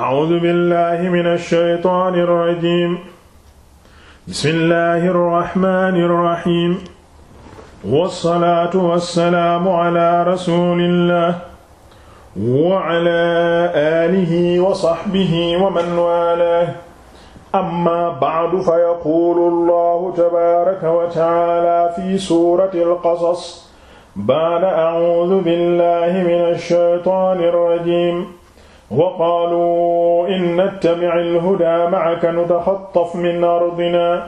A'uuzu billaahi mina shaytaani rajiim. Bismillaahi rahmaani rahiim. Wassalaatu wassalaamu alaa rasuulillaah wa alaa aalihi wa sahbihi wa man waalaah. Ammaa ba'du fayaquulu Allaahu tabaaraka wa ta'aalaa fii suuratil Qasas ba'da a'uuzu billaahi mina shaytaani rajiim. wa qaaluu in nattabici alhudaa macaka nutaxattaf min ardina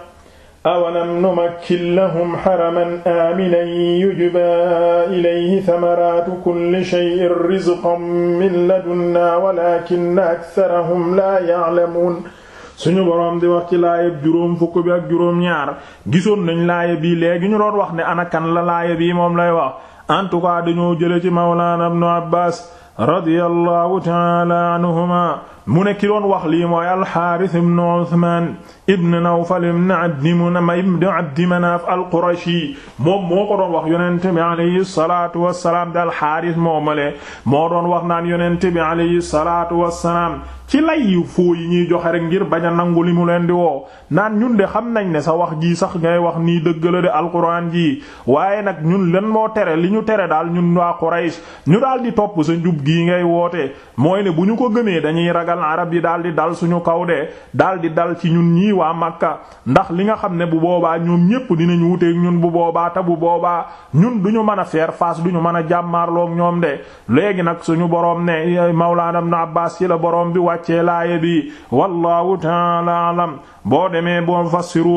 awalam numakkin lahum xaraman aaminan yujbaa ilayhi samaraatu kulli shay'in rizqan min ladunnaa walaakinna aksarahum laa ya'lamuun suñu boroom di wax ci laayab juróom fukk bi ak juróom-ñaar gisoon nañ laaya bii léegi ñu doon wax ne ana kan la laaya bii moom lay wax en tout cas dañoo jële ci mawlaana ibnu abbaas radiyallahu ta'ala anhuma mu ne ki doon wax lii mooy alxaaris ibnu Usmaan ibn Nawfal ibn Abdi Manaaf al-Qurashi moom moo ko doon wax yonent bi alayhi salaatu wa salaam daal xaaris moomale moo doon wax naan yonent bi alayhi salaatu wa salaam ci lay foo yi ñuy joxe rek ngir bañ a nangu li mu leen di woo naan ñun de xam nañ ne sa wax jii sax ngay wax nii dëgg la de alquran jii waaye nag ñun len moo tere li ñu tere daal ñun waa Quraysh ñu daal di topp sa njub gii ngay woote mooy ne bu ñu ko màggal arab yi daal di dal suñu kaw de daal di dal ci ñun ñii waa Makka ndax li nga xam ne bu boobaa ñoom ñépp dinañu wuteeg ñun bu boobaa te bu boobaa ñun duñu mën a faire face duñu mën a jàmmaarloog ñoom de léegi nag suñu boroom ne Mawlaana Ibn Abbaas ci la boroom bi wàccee laaye bi wallahu ta'ala boo demee boo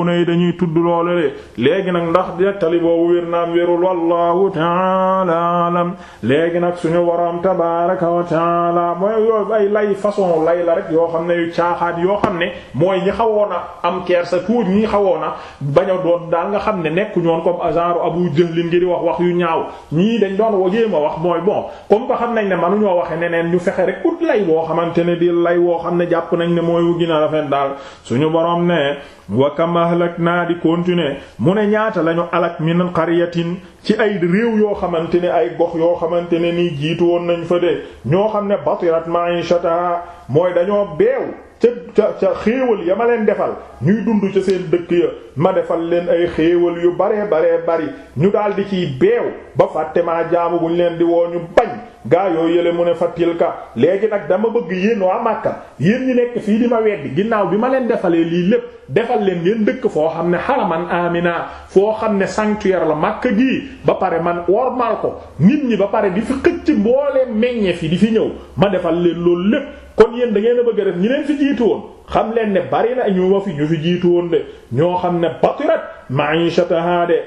na yi dañuy tudd loolu le léegi nag ndax dettali boobu wér naam wérul wallahu taala alam léegi nag suñu waram tabaraka wa taala mooy yooyu ay lay façon lay la rek yoo xam ne yu caaxaat yoo xam ne mooy ñi xawoon a am kersa tuuti ñi xawoon a bañ a doon daal nga xam ne nekk ñoon ko agent abu jëlin ngir wax wax yu ñaaw ñii dañ doon wajee ma wax mooy bon comme ko xam nañ ne manuñoo waxe neneen ñu fexe rek ut lay woo xamante ne di lay woo xam ne jàpp nañ ne mooy wu gën a daal suñu boroom ne wa kam ahlakna di continuer mu ne ñaata lañu alak min qaryatin ci ay réew yoo xamante ne ay box yoo xamante ne nii jiitu woon nañ fa de ñoo xam ne batirat ma'ishata mooy dañoo beew ca ca ca xéewal ya ma leen defal ñuy dund ca seen dëkk ya ma defal leen ay xéewal yu baree baree bari ñu daldi ciy beew ba fàtte maa jaamu buñ leen di woo ñu bañ gaa yoo yële mu ne fa tilka léegi nag dama bëgg yéen waa Makka yéen ñi nekk fii di ma weddi ginnaaw bi ma leen defalee lii lépp defal leen ngeen dëkk foo xam ne xaraman amina foo xam ne sanctuaire la Makka gii ba pare man wormal ko nit ñi ba pare di fi xëcc mboolee meññe fi di fi ñëw ma defal leen loolu lépp kon yeen da ngeen bëgg a def ñi leen fi jiitu woon xam leen ne bari na ñu ma fi ñu fi jiitu woon de ñoo xam ne batirat ma'ishataha de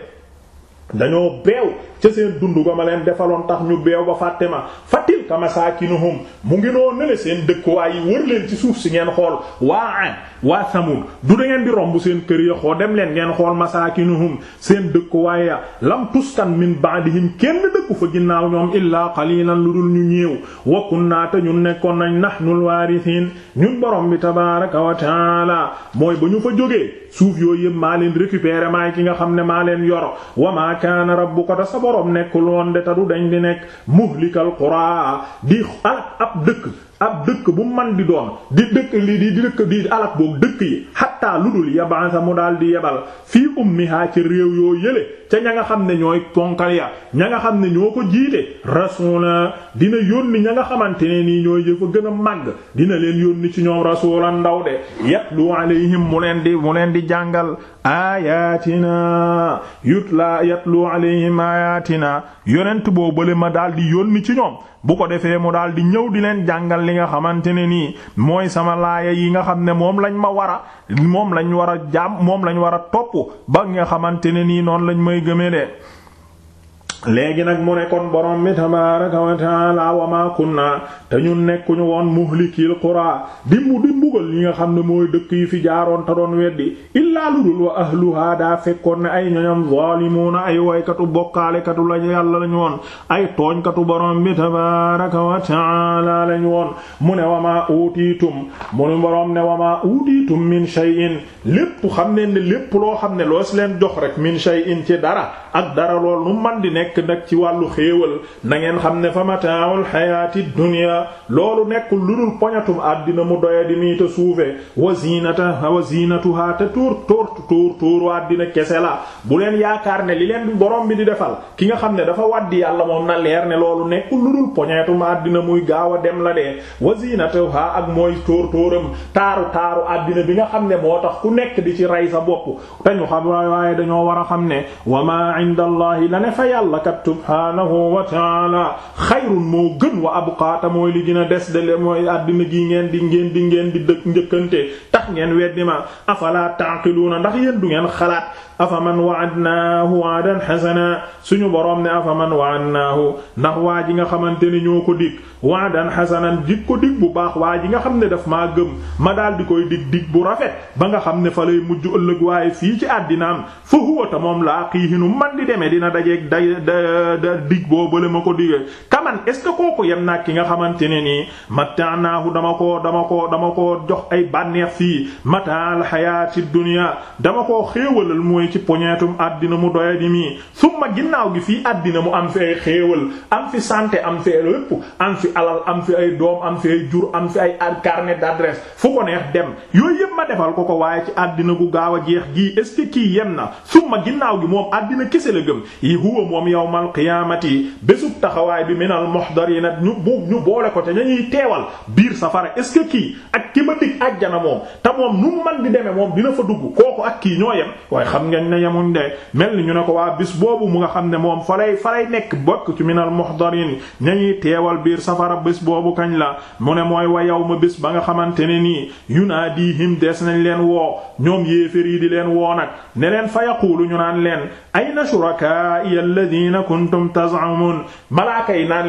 dañoo beew ca seen dund ga ma leen defaloon tax ñu beew ba fàtte ma fatil kamasaakinuhum mu ngi noo nele seen dëkkuwaay yi wër leen ci suuf si ngeen xool waa an waa samul du da ngeen di romb seen kër ya xoo dem leen ngeen xool masaakinuhum seen dëkkuwaay ya lam tuskan min ba'dihim kenn dëkku fa ginnaaw ñoom illaa qalilan lu dul ñu ñéew wa naa te ñun nekkoon nañ nahnul waarisiin ñun borom bi tabaaraka wa taala mooy ba ñu fa jógee suuf yooyu yëpp maa leen récupérer maay ki nga xam ne maa leen yor boroom nekkul woon de ta du dañ di nekk muhlikal quraa di alak ab dëkk ab dëkk bu man di doon di dëkk li di dëkk di alak boog dëkk yi xattaa lu dul yabaasa mu daal di yebal fii ummiha ci réew yoo yële ca ña nga xam ne ñooy ponkal ya ña nga xam ne ñoo ko jiite rasula dina yónni ña nga xamante ne nii ñooy jëfa gën a màgg dina leen yónni ci ñoom rasula ndaw de yatlu alayhim mu leen di mu leen di jàngal ayatina yutla yatlu alayhim ayatina yonent boo bale ma daal di yónni ci ñoom bu ko defee mu daal di ñëw di leen jàngal li nga xamante ne nii mooy sama laaya yi nga xam ne moom lañ ma war a moom lañ war a jaam moom lañ war a topp ba nga xamante ne nii noonu lañ may gëmee de léegi nag mu nekkoon kon borom bi tabaaraka wa taala wa maa kunna te ñun nekkuñu woon muhlikil qura di mu di mbugal ñi nga xam ne mooy dëkk yi fi jaaroon te doon weddi illaa lu dul wa ahluha daa fekkoon ne ay ñoñam zaalimuuna ay waykatu bokkaalekatu lañu yàlla lañu woon ay tooñkatu borom bi tabaaraka wa taala lañu woon mu ne wa maa utiitum mu ne borom ne wa maa utiitum min shay'in lépp xam ne lépp loo xam ne loo si leen jox rek min shay'in ci dara ak nekk nag ci wàllu xéewal na xam ne fa mataawul xayaati dunya loolu nekk lu dul poñatum àddina mu doya di mii ta suufe wa zinata wa zinatuha te tuur tuur tuur tuur àddina kese la bu leen yaakaar ne li leen borom bi di defal ki nga xam ne dafa waddi yàlla moom na leer ne loolu nekk lu dul poñatum àddina muy gaaw a dem la dee wa zinatuha ak mooy tóor tóoram taaru taaru àddina bi nga xam ne moo tax ku nekk di ci rey sa bopp te xam waaye dañoo war a kat subhaanahu wa taala xayrun moo gën wa abqaata mooy li dina des de mooy àddina gi ngeen di ngeen di ngeen di dëkk njëkkante tax ngeen weddi ma afala taaqiluuna ndax yéen du ngeen xalaat afaman man wa hasana suñu boroom ne afaman wa'adnaahu ndax waa ji nga xamante ne ñoo ko dig wa'dan hasanan dig ko dig bu baax waa ji nga xam ne daf maa gëm ma daal di koy dig dig bu rafet ba nga xam ne fa lay mujj ëllëg waaye fii ci àddinaam fa huwa ta moom laaqiihi nu man di demee dina da da dig boo bële ma ko digee man est ce kooku yem naa ki nga xamante ne nii mattaanaahu dama koo dama koo dama koo jox ay bànneex fii mataal xayaati dunya dama koo xéewalal mooy ci poñeetum àddina mu doya di mii summa ginnaaw gi fii àddina mu am fi ay xéewal am fi santé am fi lépp am fi alal am fi ay doom am fi ay jur am fi ay carnet d'adresse fu ko neex dem yooyu yëpp ma defal ko ko waaye ci àddina gu gaaw a jeex gii est ce que kii yem na summa ginnaaw gi moom àddina kese la gëm yi huwa moom yawmal qiyaamati bésub taxawaay bi minal muhdariina ñu boole ko te ñuy teewal biir safara est ce ak ki ma dig àjjana moom te moom nu mu man di demee moom dina fa dugg kooku ak kii ñoo yem waaye xam ngeen ne yemuñ de mel ñu ne ko waa bis boobu mu nga xam ne moom fa lay fa lay nekk bokk ci minal muhdariin ñuy teewal biir safara bis boobu kañ la mu ne mooy wa yawma bis ba nga xamante ne nii yunaadihim des nañ leen woo ñoom yéefér yi di leen woo nag ne leen fa yaquulu ñu naan leen ayna shuraka'i alladhina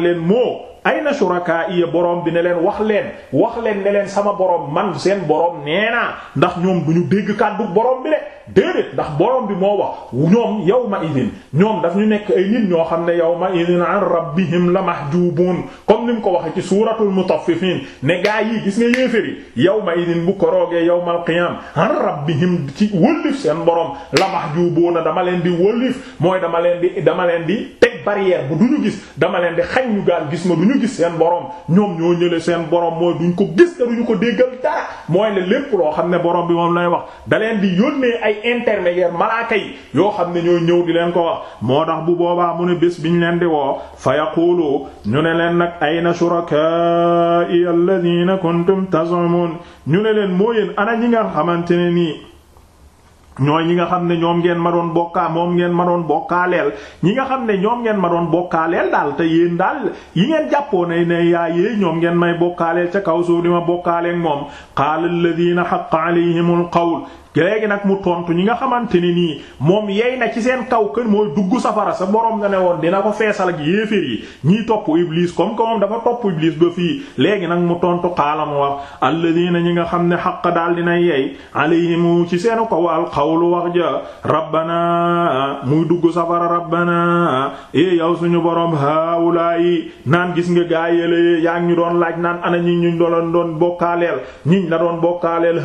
naan leen moo ayna shurakaaiya borom bi ne leen wax leen wax leen ne leen sama borom man seen borom nee naa ndax ñoom bu ñu dégg kàddu borom bi de déedéet ndax boroom bi moo wax ñoom yawma idin ñoom daf ñu nekk ay nit ñoo xam ne yawma idin an rabbihim la mahjubuun comme ni mu ko waxee ci suuratul mutaffifiin ne gaa yi gis nga yéeféri yawma idin bu koroogee yawmal qiyaam an rabbihim ci wëllif seen boroom la mahjubuuna dama leen di wëllif mooy dama leen teg bu du ñu gis dama leen di xañ ñu gaal gis ma du ñu gis seen borom ñoom ñoo ñële seen borom mooy duñ ko gis te duñu ko déggal dara mooy ne lépp loo xam ne boroom bi moom lay wax da leen di yónnee ay intermédiaire malaaka yi yoo xam ne ñooy ñëw di leen ko wax moo tax bu boobaa mu ne bis bi ñu leen di woo fa yaqulu ñu ne leen nag ayna shuraka'i alladhina kuntum tazumun ñu ne leen moo yéen ana ñi nga xamante ne nii ñooy ñi nga xam ne ñoom ngeen ma doon bokkaa moom ngeen ma doon bokkaaleel ñi nga xam ne ñoom ngeen ma doon bokkaaleel daal te yéen daal yi ngeen jàppoo ne ne yaa yéey ñoom ngeen may bokkaaleel ca kaw suuf di ma bokkaaleeg moom qaala alladhina haqqa alayhimul kawul léegi nag mu tontu ñi nga xamante ni nii moom yey na ci seen kaw kër mooy dugg safara sa borom nga ne woon dina ko feesal ak yéeféer yi ñii topp iblis comme que moom dafa topp iblis ba fii léegi nag mu tontu xaala mu wax alladina ñi nga xam ne xaq daal dina yey alayhimu ci seen kaw alxawlu wax ja rabbana muy dugg safara rabbana é e yow suñu borom haawulaa yi naan gis nga gaayélaye yaa ngi ñu doon laaj naan ana ñi ñu doon doon bokkaaleel ñiñ la doon bokkaaleel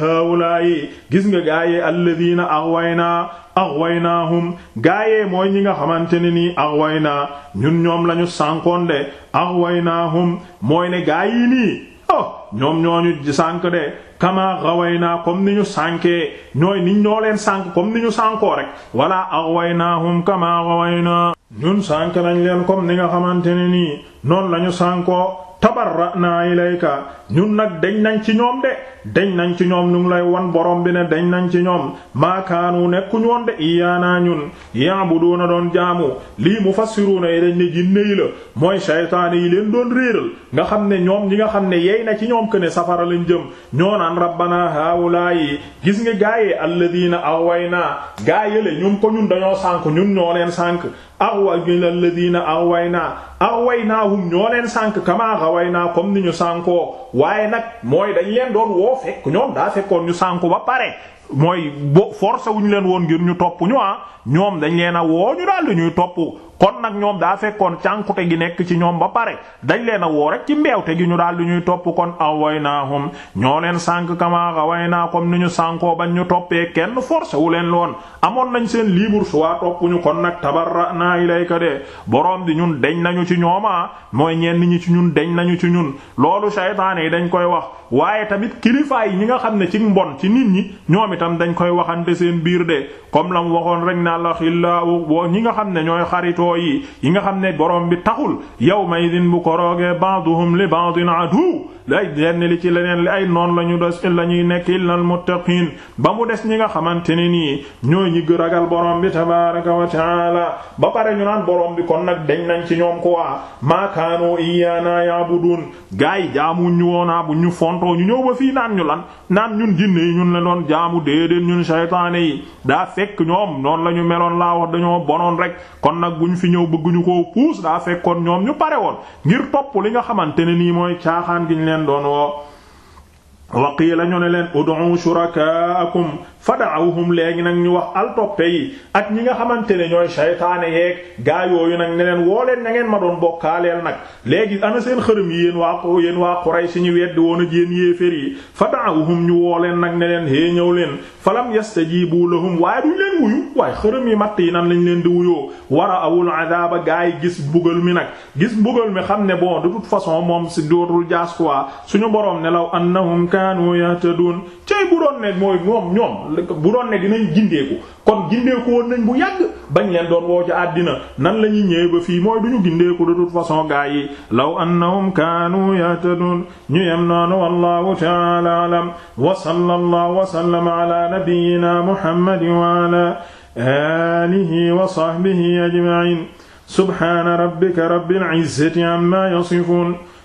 gis nga gaayee alladina aghwayna aghwaynahum gaayee mooy ñi nga xamante ne nii aghwayna ñun ñoom lañu sànkoon de aghwaynahum mooy ne gaay yi nii oh ñoom ñooñu sànk de kama gawaynaa comme ni ñu sànkee ñooy niñ ñoo leen sànk comme ni ñu sànkoo rek wala aghwaynahum kama gawaynaa ñun sànk nañ leen comme ni nga xamante ne nii noonu lañu sànkoo naa tabarra'na ilayka ñun nag dañ nañ ci ñoom de dañ nañ ci ñoom ñu ngi lay wan borom bi ne dañ nañ ci ñoom maakaanu nekkuñ woon de iyaana ñun ya'buduna doon jaamu lii mufassiruna yi dañ ne jinne yi la mooy saytaane yi leen doon réeral nga xam ne ñoom ñi nga xam ne yey na ci ñoom que safara lañ jëm ñoo naan rabbana haawulaa yi gis nga gaayee alladina aghwayna gaayale ñun ko ñun dañoo sànk ñun ñoo leen sànk aghwa alladina naa way awaynahum ñoo leen sànk kamaa naa comme ni ñu sànkoo waaye nag mooy dañ leen doon woo fekk ñoom daa fekkoon ñu sànko ba pare mooy bo forcé wuñu leen woon ngir ñu topp ñu ah, ñoom dañ leen a woo ñu daal ñuy topp kon nag ñoom daa fekkoon cànkute gi nekk ci ñoom ba pare dañ leen a woo rek ci mbeew te gi ñu daal di ñuy topp kon away naahum ñoo leen sànk kamaa away naa comme ni ñu sànkoo bañ ñu toppee kenn forcé wu leen loon amoon nañ seen libre choix toppuñu kon nag tabarra naa ilayka de boroom di ñun deñ nañu ci ñooma ah, mooy ñenn ñi ci ñun deñ nañu ci ñun loolu saytaane yi dañ koy wax ci nit ñi itam dañ koy waxante seen biir de comme la mu waxoon rek naa la xillaawu boo ñi nga xam ne ñooy xaritoo yi yi nga xam ne borom bi taxul yow yawma idin bu ko roogee ba'duhum li ba'din adu ay lenn li ci leneen li ay noon la ñu des la ñuy nekk illal muttaqiin ba mu des ñi nga xamante ne nii ñooy ñi gë ragal borom bi tabaaraka wa taala ba pare ñu naan borom bi kon nag deñ nañ ci ñoom ko waa maakaanoo iyaana ya'buduun gaa yi jaamu ñu woonaa bu ñu fontoo ñu ñëw ba fii naan ñu lan naan ñun jinne yi ñun la doon jaamu déedéet ñun saytaane yi daa fekk ñoom noonu la ñu meloon laa wax dañoo bonoon rek kon nag bu ñu fi ñëw bëgguñu ko puus daa fekkoon ñoom ngeen doon woo wa qiila ñu ne leen ud'u shurakaakum fa da'awhum léegi nag ñu wax altoppe yi ak ñi nga xamante ne ñooy saytaane yeeg gaa yooyu nag ne leen woo leen na ngeen ma doon bokkaaleel nag léegi ana seen xërëm yi yéen waa yéen waa Quraysh ñu weddi woon ak yéen yéefér yi fa da'awhum ñu woo leen nag ne leen hee ñëw leen falam yastajibu lahum waaye duñ leen wuyu waaye xërëm yi matt yi nan lañ leen di wuyoo wara awul adaaba gaa yi gis mbugal mi nag gis mbugal mi xam ne bon de façon moom si dootul jaas quoi suñu borom ne law kaanu yahtadun cey bu doon ne mooy moom ñoom bu doon ne dinañ gindeeku kon gindeeku woon nañ bu yàgg bañ leen doon woo ca àddina nan la ñuy ñëwee ba fii mooy du ñu gindeeku de toute façon gaa yi law annahum kaanu yahtadun ñu yem noonu wallahu ta'ala alam wa sallallahu wa sallama ala nabiyyina muhammadin wa ala alihi wa sahbihi ajma'in subhana rabbika rabbil izzati amma yasifun